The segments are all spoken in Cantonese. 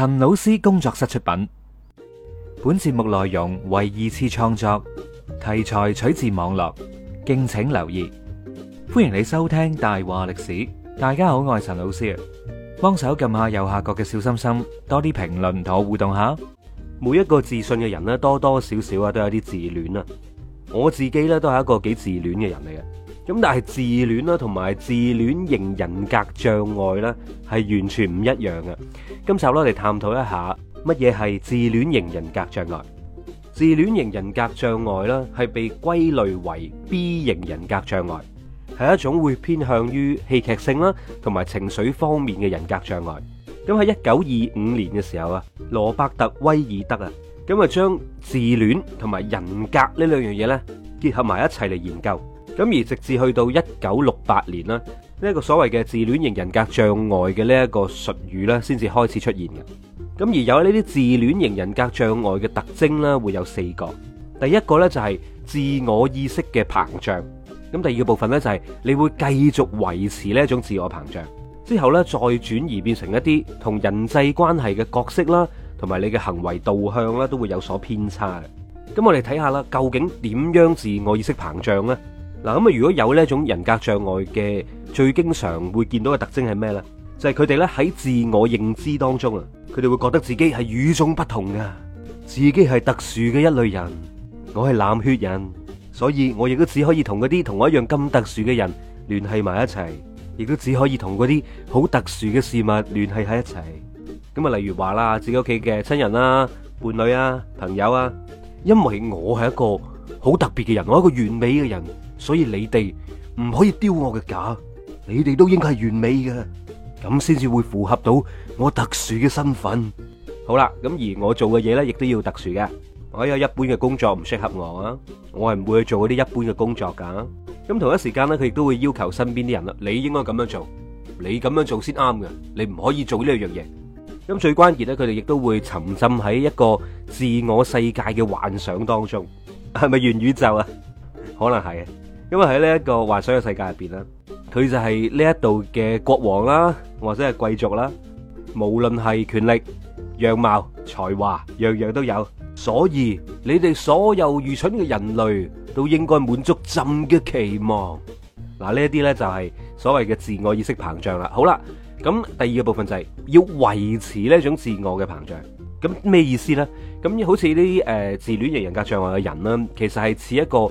陳老師工作室出品，本節目內容為二次創作，題材取自網絡，敬請留意。歡迎你收聽大話歷史，大家好，我係陳老師啊，幫手撳下右下角嘅小心心，多啲評論同我互動下。每一個自信嘅人咧，多多少少啊，都有啲自戀啊。我自己咧都係一個幾自戀嘅人嚟嘅。咁但係自戀啦，同埋自戀型人格障礙咧，係完全唔一樣嘅。今集啦，我哋探討一下乜嘢係自戀型人格障礙。自戀型人格障礙咧，係被歸類為 B 型人格障礙，係一種會偏向於戲劇性啦，同埋情緒方面嘅人格障礙。咁喺一九二五年嘅時候啊，羅伯特威爾德啊，咁啊將自戀同埋人格呢兩樣嘢咧結合埋一齊嚟研究。咁而直至去到一九六八年啦，呢一個所謂嘅自戀型人格障礙嘅呢一個術語咧，先至開始出現嘅。咁而有呢啲自戀型人格障礙嘅特徵咧，會有四個。第一個呢，就係自我意識嘅膨脹。咁第二個部分呢，就係你會繼續維持呢一種自我膨脹，之後呢，再轉移變成一啲同人際關係嘅角色啦，同埋你嘅行為導向啦，都會有所偏差嘅。咁我哋睇下啦，究竟點樣自我意識膨脹呢？嗱咁啊，如果有呢一種人格障礙嘅最經常會見到嘅特徵係咩呢？就係佢哋咧，喺自我認知當中啊，佢哋會覺得自己係與眾不同噶，自己係特殊嘅一類人。我係冷血人，所以我亦都只可以同嗰啲同我一樣咁特殊嘅人聯繫埋一齊，亦都只可以同嗰啲好特殊嘅事物聯繫喺一齊。咁啊，例如話啦，自己屋企嘅親人啦、伴侶啊、朋友啊，因為我係一個好特別嘅人，我一個完美嘅人。所以你哋唔可以丟我嘅架，你哋都應該係完美嘅，咁先至會符合到我特殊嘅身份。好啦，咁而我做嘅嘢呢，亦都要特殊嘅。我有一般嘅工作唔適合我啊，我係唔會去做嗰啲一般嘅工作噶。咁同一時間呢，佢亦都會要求身邊啲人啦，你應該咁樣做，你咁樣做先啱嘅，你唔可以做呢樣嘢。咁最關鍵呢，佢哋亦都會沉浸喺一個自我世界嘅幻想當中，係咪元宇宙啊？可能係啊。因為喺呢一個幻想嘅世界入邊咧，佢就係呢一度嘅國王啦，或者係貴族啦，無論係權力、樣貌、才華，樣樣都有。所以你哋所有愚蠢嘅人類都應該滿足朕嘅期望。嗱，呢一啲咧就係所謂嘅自我意識膨脹啦。好啦，咁第二個部分就係要維持呢一種自我嘅膨脹。咁咩意思咧？咁好似呢啲誒自戀型人格障礙嘅人啦，其實係似一個。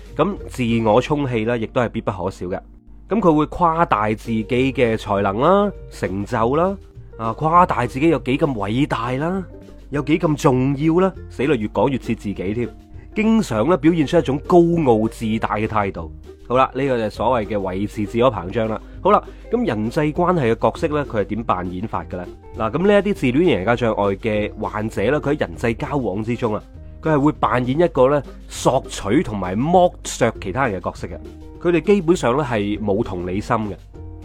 咁自我充氣咧，亦都係必不可少嘅。咁佢會誇大自己嘅才能啦、成就啦，啊誇大自己有幾咁偉大啦，有幾咁重要啦，死啦越講越似自己添。經常咧表現出一種高傲自大嘅態度。好啦，呢個就係所謂嘅維持自我膨脹啦。好啦，咁人際關係嘅角色呢，佢係點扮演法嘅咧？嗱，咁呢一啲自戀型人格障礙嘅患者咧，佢喺人際交往之中啊。佢係會扮演一個咧索取同埋剝削其他人嘅角色嘅。佢哋基本上咧係冇同理心嘅。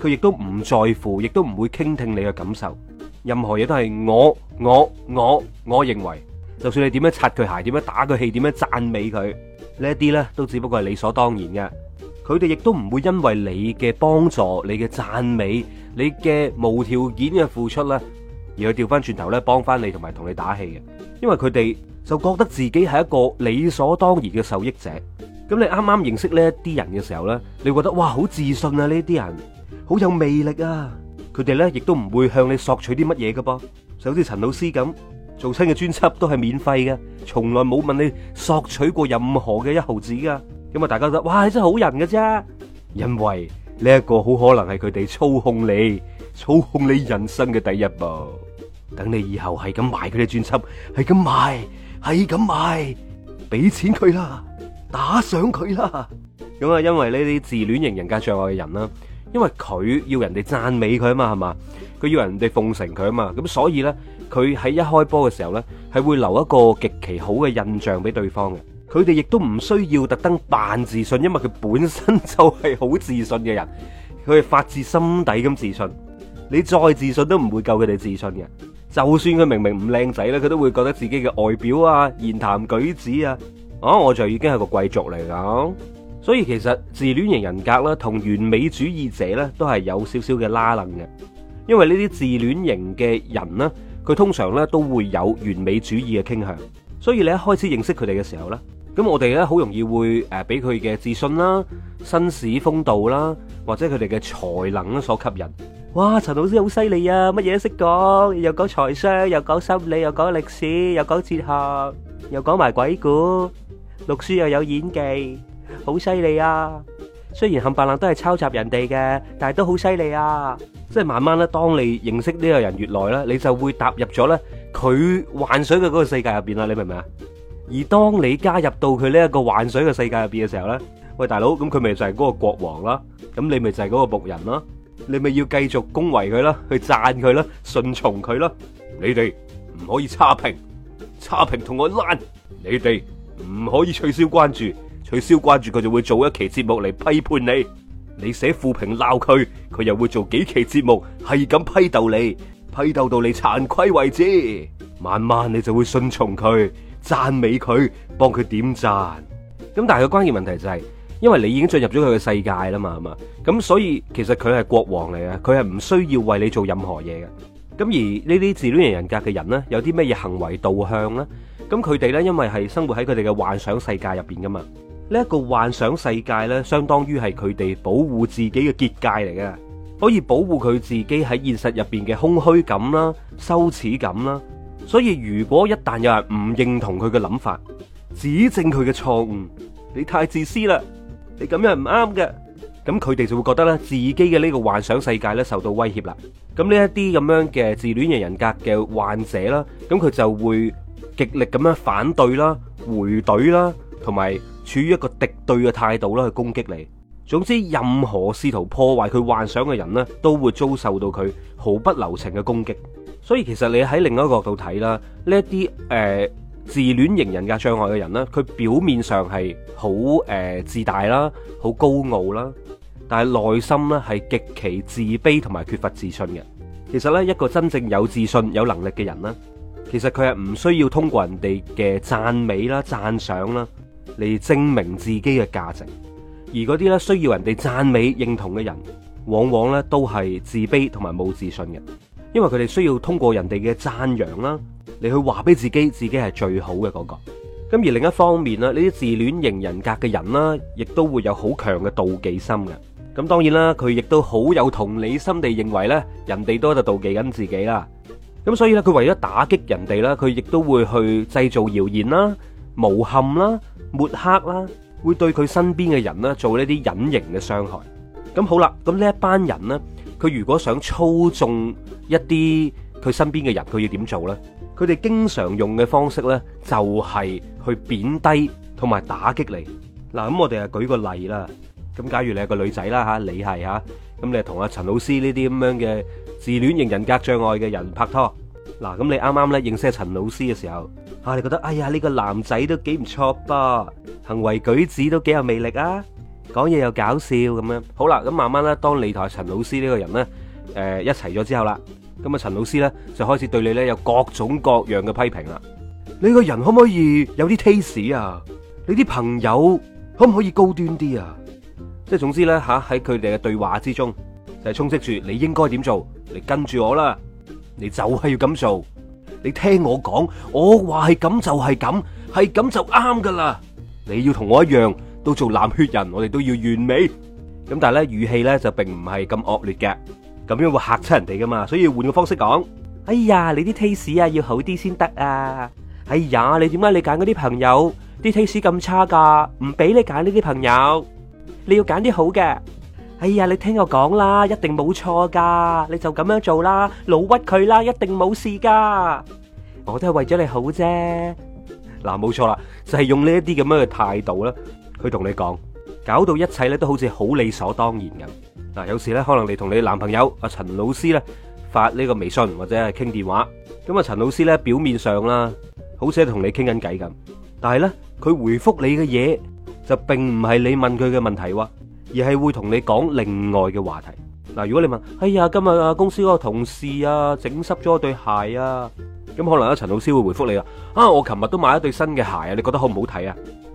佢亦都唔在乎，亦都唔會傾聽你嘅感受。任何嘢都係我我我我認為，就算你點樣擦佢鞋，點樣打佢氣，點樣讚美佢呢一啲咧，都只不過係理所當然嘅。佢哋亦都唔會因為你嘅幫助、你嘅讚美、你嘅無條件嘅付出咧，而去掉翻轉頭咧幫翻你同埋同你打氣嘅，因為佢哋。就覺得自己係一個理所當然嘅受益者。咁你啱啱認識呢一啲人嘅時候咧，你覺得哇好自信啊！呢啲人好有魅力啊！佢哋咧亦都唔會向你索取啲乜嘢嘅噃，就好似陳老師咁，做親嘅專輯都係免費嘅，從來冇問你索取過任何嘅一毫子噶。咁啊，大家都哇真係好人嘅啫，因為呢一個好可能係佢哋操控你、操控你人生嘅第一步。等你以後係咁買佢啲專輯，係咁買。係咁買，俾錢佢啦，打賞佢啦。咁啊，因為呢啲自戀型人格障礙嘅人啦，因為佢要人哋讚美佢啊嘛，係嘛，佢要人哋奉承佢啊嘛，咁所以呢，佢喺一開波嘅時候呢，係會留一個極其好嘅印象俾對方嘅。佢哋亦都唔需要特登扮自信，因為佢本身就係好自信嘅人，佢係發自心底咁自信。你再自信都唔會夠佢哋自信嘅。就算佢明明唔靚仔咧，佢都會覺得自己嘅外表啊、言談舉止啊，啊，我就已經係個貴族嚟咁，啊。所以其實自戀型人格咧，同完美主義者咧，都係有少少嘅拉楞嘅。因為呢啲自戀型嘅人咧，佢通常咧都會有完美主義嘅傾向。所以你一開始認識佢哋嘅時候咧，咁我哋咧好容易會誒俾佢嘅自信啦、紳士風度啦，或者佢哋嘅才能所吸引。哇！陳老師好犀利啊，乜嘢都識講，又講財商，又講心理，又講歷史，又講哲學，又講埋鬼故，讀書又有演技，好犀利啊！雖然冚唪唥都係抄襲人哋嘅，但係都好犀利啊！即係慢慢咧，當你認識呢個人越耐咧，你就會踏入咗咧佢幻想嘅嗰個世界入邊啦。你明唔明啊？而當你加入到佢呢一個幻想嘅世界入邊嘅時候咧，喂大佬，咁佢咪就係嗰個國王啦？咁你咪就係嗰個僕人囉。你咪要繼續恭維佢啦，去讚佢啦，順從佢啦。你哋唔可以差評，差評同我爛。你哋唔可以取消關注，取消關注佢就會做一期節目嚟批判你。你寫負評鬧佢，佢又會做幾期節目係咁批鬥你，批鬥到你慚愧為止。慢慢你就會順從佢，讚美佢，幫佢點讚。咁但係個關鍵問題就係、是。因為你已經進入咗佢嘅世界啦嘛，係嘛，咁所以其實佢係國王嚟嘅，佢係唔需要為你做任何嘢嘅。咁而呢啲自戀型人格嘅人呢，有啲咩嘢行為導向呢？咁佢哋呢，因為係生活喺佢哋嘅幻想世界入邊噶嘛，呢、這、一個幻想世界呢，相當於係佢哋保護自己嘅結界嚟嘅，可以保護佢自己喺現實入邊嘅空虛感啦、羞恥感啦。所以如果一旦有人唔認同佢嘅諗法，指正佢嘅錯誤，你太自私啦！你咁樣係唔啱嘅，咁佢哋就會覺得咧，自己嘅呢個幻想世界咧受到威脅啦。咁呢一啲咁樣嘅自戀型人格嘅患者啦，咁佢就會極力咁樣反對啦、回懟啦，同埋處於一個敵對嘅態度啦去攻擊你。總之，任何試圖破壞佢幻想嘅人咧，都會遭受到佢毫不留情嘅攻擊。所以其實你喺另一個角度睇啦，呢一啲誒。自戀型人格障礙嘅人呢，佢表面上係好誒自大啦，好高傲啦，但係內心呢係極其自卑同埋缺乏自信嘅。其實呢，一個真正有自信、有能力嘅人呢，其實佢係唔需要通過人哋嘅讚美啦、讚賞啦嚟證明自己嘅價值。而嗰啲呢需要人哋讚美認同嘅人，往往呢都係自卑同埋冇自信嘅，因為佢哋需要通過人哋嘅讚揚啦。你去話俾自己，自己係最好嘅嗰個。咁而另一方面啦，呢啲自戀型人格嘅人啦，亦都會有好強嘅妒忌心嘅。咁當然啦，佢亦都好有同理心地認為咧，人哋都喺度妒忌緊自己啦。咁所以咧，佢為咗打擊人哋啦，佢亦都會去製造謠言啦、誣陷啦、抹黑啦，會對佢身邊嘅人啦做呢啲隱形嘅傷害。咁好啦，咁呢一班人咧，佢如果想操縱一啲。佢身邊嘅人，佢要點做呢？佢哋經常用嘅方式呢，就係、是、去貶低同埋打擊你。嗱，咁我哋啊舉個例啦。咁假如你係個女仔啦吓，你係吓，咁、啊、你係同阿陳老師呢啲咁樣嘅自戀型人格障礙嘅人拍拖。嗱，咁你啱啱呢認識阿陳老師嘅時候，嚇、啊、你覺得哎呀呢個男仔都幾唔錯噃，行為舉止都幾有魅力啊，講嘢又搞笑咁樣。好啦，咁慢慢咧，當你同阿陳老師呢個人呢，誒、呃、一齊咗之後啦。咁啊，陳老師咧就開始對你咧有各種各樣嘅批評啦。你個人可唔可以有啲 taste 啊？你啲朋友可唔可以高端啲啊？即係總之咧吓，喺佢哋嘅對話之中，就係充斥住你應該點做，你跟住我啦，你就係要咁做，你聽我講，我話係咁就係咁，係咁就啱噶啦。你要同我一樣，都做冷血人，我哋都要完美。咁但係咧語氣咧就並唔係咁惡劣嘅。咁樣會嚇親人哋噶嘛，所以要換個方式講。哎呀，你啲 taste 啊要好啲先得啊。哎呀，你點解你揀嗰啲朋友啲 taste 咁差噶？唔俾你揀呢啲朋友，你要揀啲好嘅。哎呀，你聽我講啦，一定冇錯噶，你就咁樣做啦，老屈佢啦，一定冇事噶。我都係為咗你好啫。嗱，冇錯啦，就係用呢一啲咁樣嘅態度啦，去同你講，搞到一切咧都好似好理所當然咁。嗱，有時咧可能你同你男朋友阿陳老 C 咧發呢個微信或者係傾電話，咁啊陳老 C 咧表面上啦，好似同你傾緊偈咁，但係咧佢回覆你嘅嘢就並唔係你問佢嘅問題喎，而係會同你講另外嘅話題。嗱，如果你問：哎呀，今日啊公司嗰個同事啊整濕咗對鞋啊，咁可能阿陳老 C 會回覆你話：啊，我琴日都買咗對新嘅鞋啊，你覺得好唔好睇啊？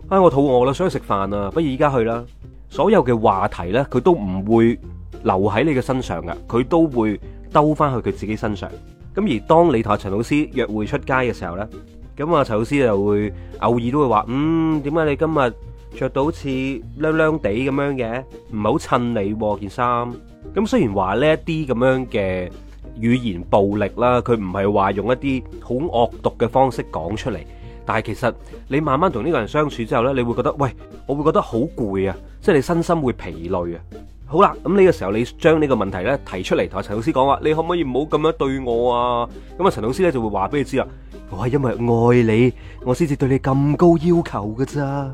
啊，我肚餓啦，想去食飯啊，不如而家去啦。所有嘅話題呢，佢都唔會留喺你嘅身上㗎，佢都會兜翻去佢自己身上。咁而當你同阿陳老師約會出街嘅時候呢，咁阿陳老師就會偶爾都會話：嗯，點解你今日着到好似靚靚地咁樣嘅？唔係好襯你喎件衫。咁雖然話呢啲咁樣嘅語言暴力啦，佢唔係話用一啲好惡毒嘅方式講出嚟。但係其實你慢慢同呢個人相處之後呢，你會覺得，喂，我會覺得好攰啊，即係你身心會疲累啊。好啦，咁呢個時候你將呢個問題呢提出嚟，同阿陳老師講話，你可唔可以唔好咁樣對我啊？咁啊，陳老師呢就會話俾你知啦，我係因為愛你，我先至對你咁高要求噶咋。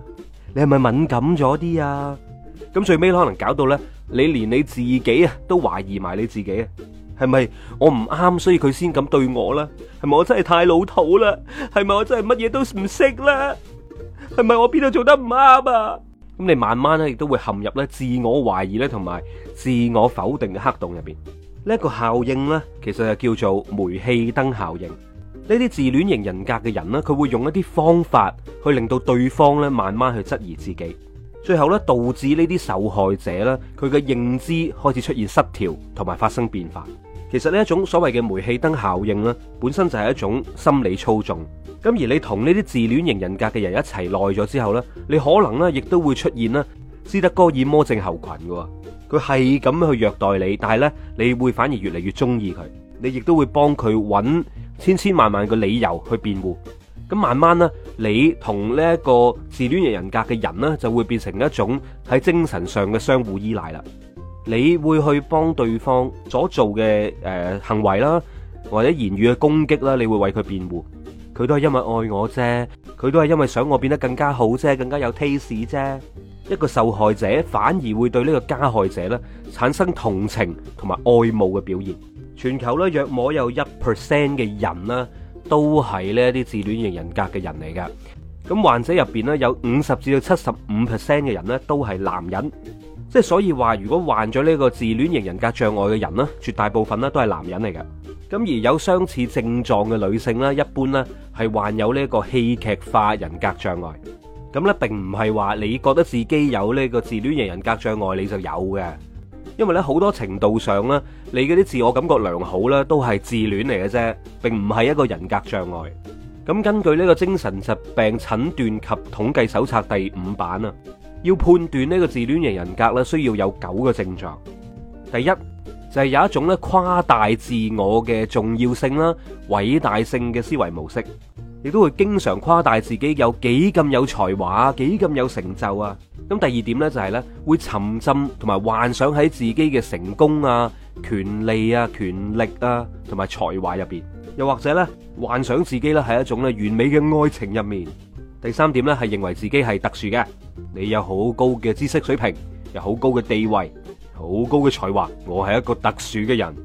你係咪敏感咗啲啊？咁最尾可能搞到呢，你連你自己啊都懷疑埋你自己啊。係咪我唔啱，所以佢先咁對我啦？係咪我真係太老土啦？係咪我真係乜嘢都唔識啦？係咪我邊度做得唔啱啊？咁你慢慢咧，亦都會陷入咧自我懷疑咧，同埋自我否定嘅黑洞入邊。呢一個效應呢，其實就叫做煤氣燈效應。呢啲自戀型人格嘅人呢，佢會用一啲方法去令到對方呢，慢慢去質疑自己，最後呢，導致呢啲受害者呢，佢嘅認知開始出現失調，同埋發生變化。其實呢一種所謂嘅煤氣燈效應啦，本身就係一種心理操縱。咁而你同呢啲自戀型人格嘅人一齊耐咗之後呢，你可能呢亦都會出現呢斯德哥爾摩症候群嘅，佢係咁去虐待你，但係呢你會反而越嚟越中意佢，你亦都會幫佢揾千千萬萬個理由去辯護。咁慢慢呢，你同呢一個自戀型人格嘅人呢，就會變成一種喺精神上嘅相互依賴啦。你會去幫對方所做嘅誒行為啦，或者言語嘅攻擊啦，你會為佢辯護，佢都係因為愛我啫，佢都係因為想我變得更加好啫，更加有 taste 啫。一個受害者反而會對呢個加害者咧產生同情同埋愛慕嘅表現。全球咧，約摸有一 percent 嘅人咧都係呢啲自戀型人格嘅人嚟噶。咁患者入邊咧有五十至到七十五 percent 嘅人咧都係男人。即所以話，如果患咗呢個自戀型人格障礙嘅人呢，絕大部分咧都係男人嚟嘅。咁而有相似症狀嘅女性呢，一般咧係患有呢個戲劇化人格障礙。咁呢並唔係話你覺得自己有呢個自戀型人格障礙，你就有嘅。因為咧好多程度上呢，你嗰啲自我感覺良好呢，都係自戀嚟嘅啫，並唔係一個人格障礙。咁根據呢個精神疾病診斷及統計手冊第五版啊。要判斷呢個自戀型人格咧，需要有九個症狀。第一就係有一種咧誇大自我嘅重要性啦、偉大性嘅思維模式，亦都會經常誇大自己有幾咁有才華、幾咁有成就啊。咁第二點呢，就係呢會沉浸同埋幻想喺自己嘅成功啊、權利啊、權力啊同埋才華入邊，又或者呢幻想自己咧係一種咧完美嘅愛情入面。第三點咧係認為自己係特殊嘅，你有好高嘅知識水平，有好高嘅地位，好高嘅才華。我係一個特殊嘅人，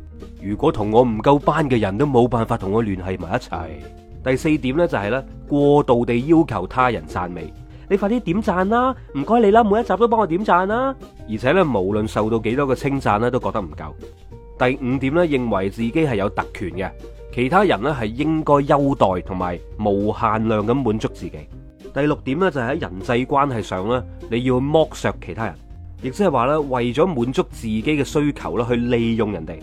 如果同我唔夠班嘅人都冇辦法同我聯繫埋一齊。第四點咧就係咧過度地要求他人讚美，你快啲點讚啦，唔該你啦，每一集都幫我點讚啦。而且咧，無論受到幾多個稱讚咧，都覺得唔夠。第五點咧，認為自己係有特權嘅，其他人咧係應該優待同埋無限量咁滿足自己。第六點咧就係喺人際關係上咧，你要剝削其他人，亦即係話咧為咗滿足自己嘅需求啦，去利用人哋。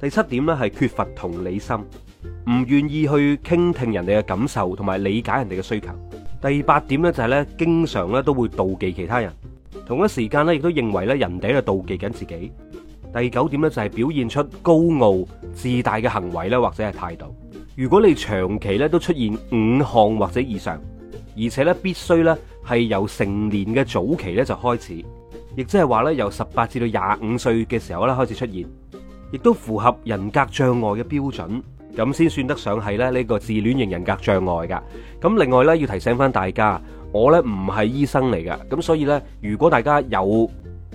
第七點咧係缺乏同理心，唔願意去傾聽人哋嘅感受，同埋理解人哋嘅需求。第八點咧就係咧經常咧都會妒忌其他人，同一時間咧亦都認為咧人哋喺度妒忌緊自己。第九點咧就係表現出高傲自大嘅行為咧或者係態度。如果你長期咧都出現五項或者以上。而且咧，必須咧係由成年嘅早期咧就開始，亦即係話咧由十八至到廿五歲嘅時候咧開始出現，亦都符合人格障礙嘅標準，咁先算得上係咧呢個自戀型人格障礙噶。咁另外咧要提醒翻大家，我咧唔係醫生嚟噶，咁所以咧如果大家有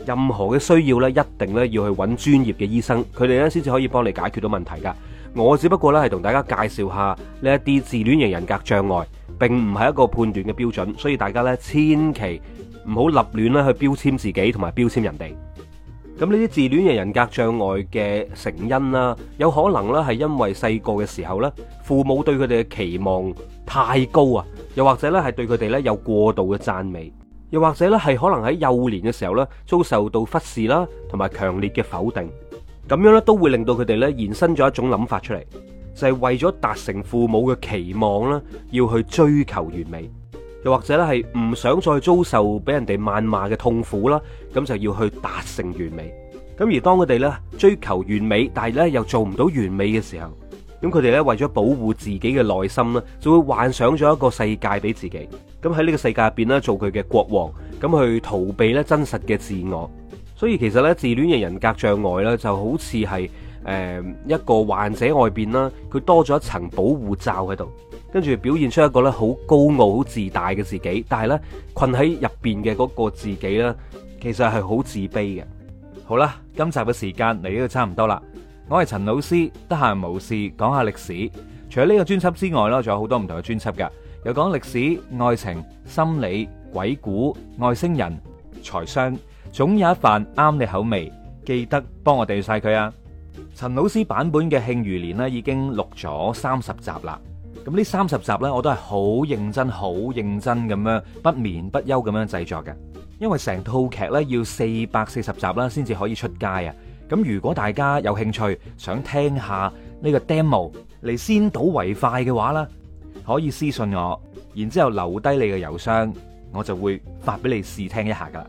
任何嘅需要咧，一定咧要去揾專業嘅醫生，佢哋咧先至可以幫你解決到問題噶。我只不過咧係同大家介紹下呢一啲自戀型人格障礙，並唔係一個判斷嘅標準，所以大家咧千祈唔好立亂咧去標籤自己同埋標籤人哋。咁呢啲自戀型人格障礙嘅成因啦、啊，有可能咧係因為細個嘅時候咧，父母對佢哋嘅期望太高啊，又或者咧係對佢哋咧有過度嘅讚美，又或者咧係可能喺幼年嘅時候咧遭受到忽視啦，同埋強烈嘅否定。咁樣咧都會令到佢哋咧延伸咗一種諗法出嚟，就係為咗達成父母嘅期望啦，要去追求完美，又或者咧係唔想再遭受俾人哋謾罵嘅痛苦啦，咁就要去達成完美。咁而當佢哋咧追求完美，但係咧又做唔到完美嘅時候，咁佢哋咧為咗保護自己嘅內心咧，就會幻想咗一個世界俾自己，咁喺呢個世界入邊咧做佢嘅國王，咁去逃避咧真實嘅自我。所以其實咧，自戀嘅人格障礙咧，就好似係誒一個患者外邊啦，佢多咗一層保護罩喺度，跟住表現出一個咧好高傲、好自大嘅自己，但係咧困喺入邊嘅嗰個自己咧，其實係好自卑嘅。好啦，今集嘅時間嚟到差唔多啦，我係陳老師，得閒無事講下歷史。除咗呢個專輯之外啦，仲有好多唔同嘅專輯㗎，有講歷史、愛情、心理、鬼故、外星人、財商。總有一份啱你口味，記得幫我訂晒佢啊！陳老師版本嘅《慶餘年》呢已經錄咗三十集啦。咁呢三十集呢，我都係好認真、好認真咁樣不眠不休咁樣製作嘅。因為成套劇呢，要四百四十集啦，先至可以出街啊。咁如果大家有興趣想聽下呢個 demo 嚟，先睹為快嘅話啦，可以私信我，然之後留低你嘅郵箱，我就會發俾你試聽一下噶。